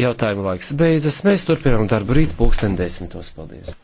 Jautājuma laiks beidzas. Mēs turpinām darbu rīt pulksten desmitos. Paldies!